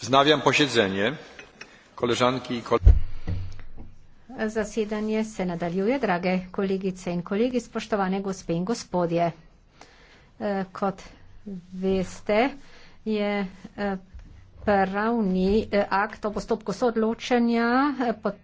Wznawiam posiedzenie. Koleżanki i koledzy. Zasedanje se nadaljuje, drage kolegice in kolegi, spoštovane gospe in gospodje. Eh, kot veste, je eh, pravni eh, akt o postopku soodločanja.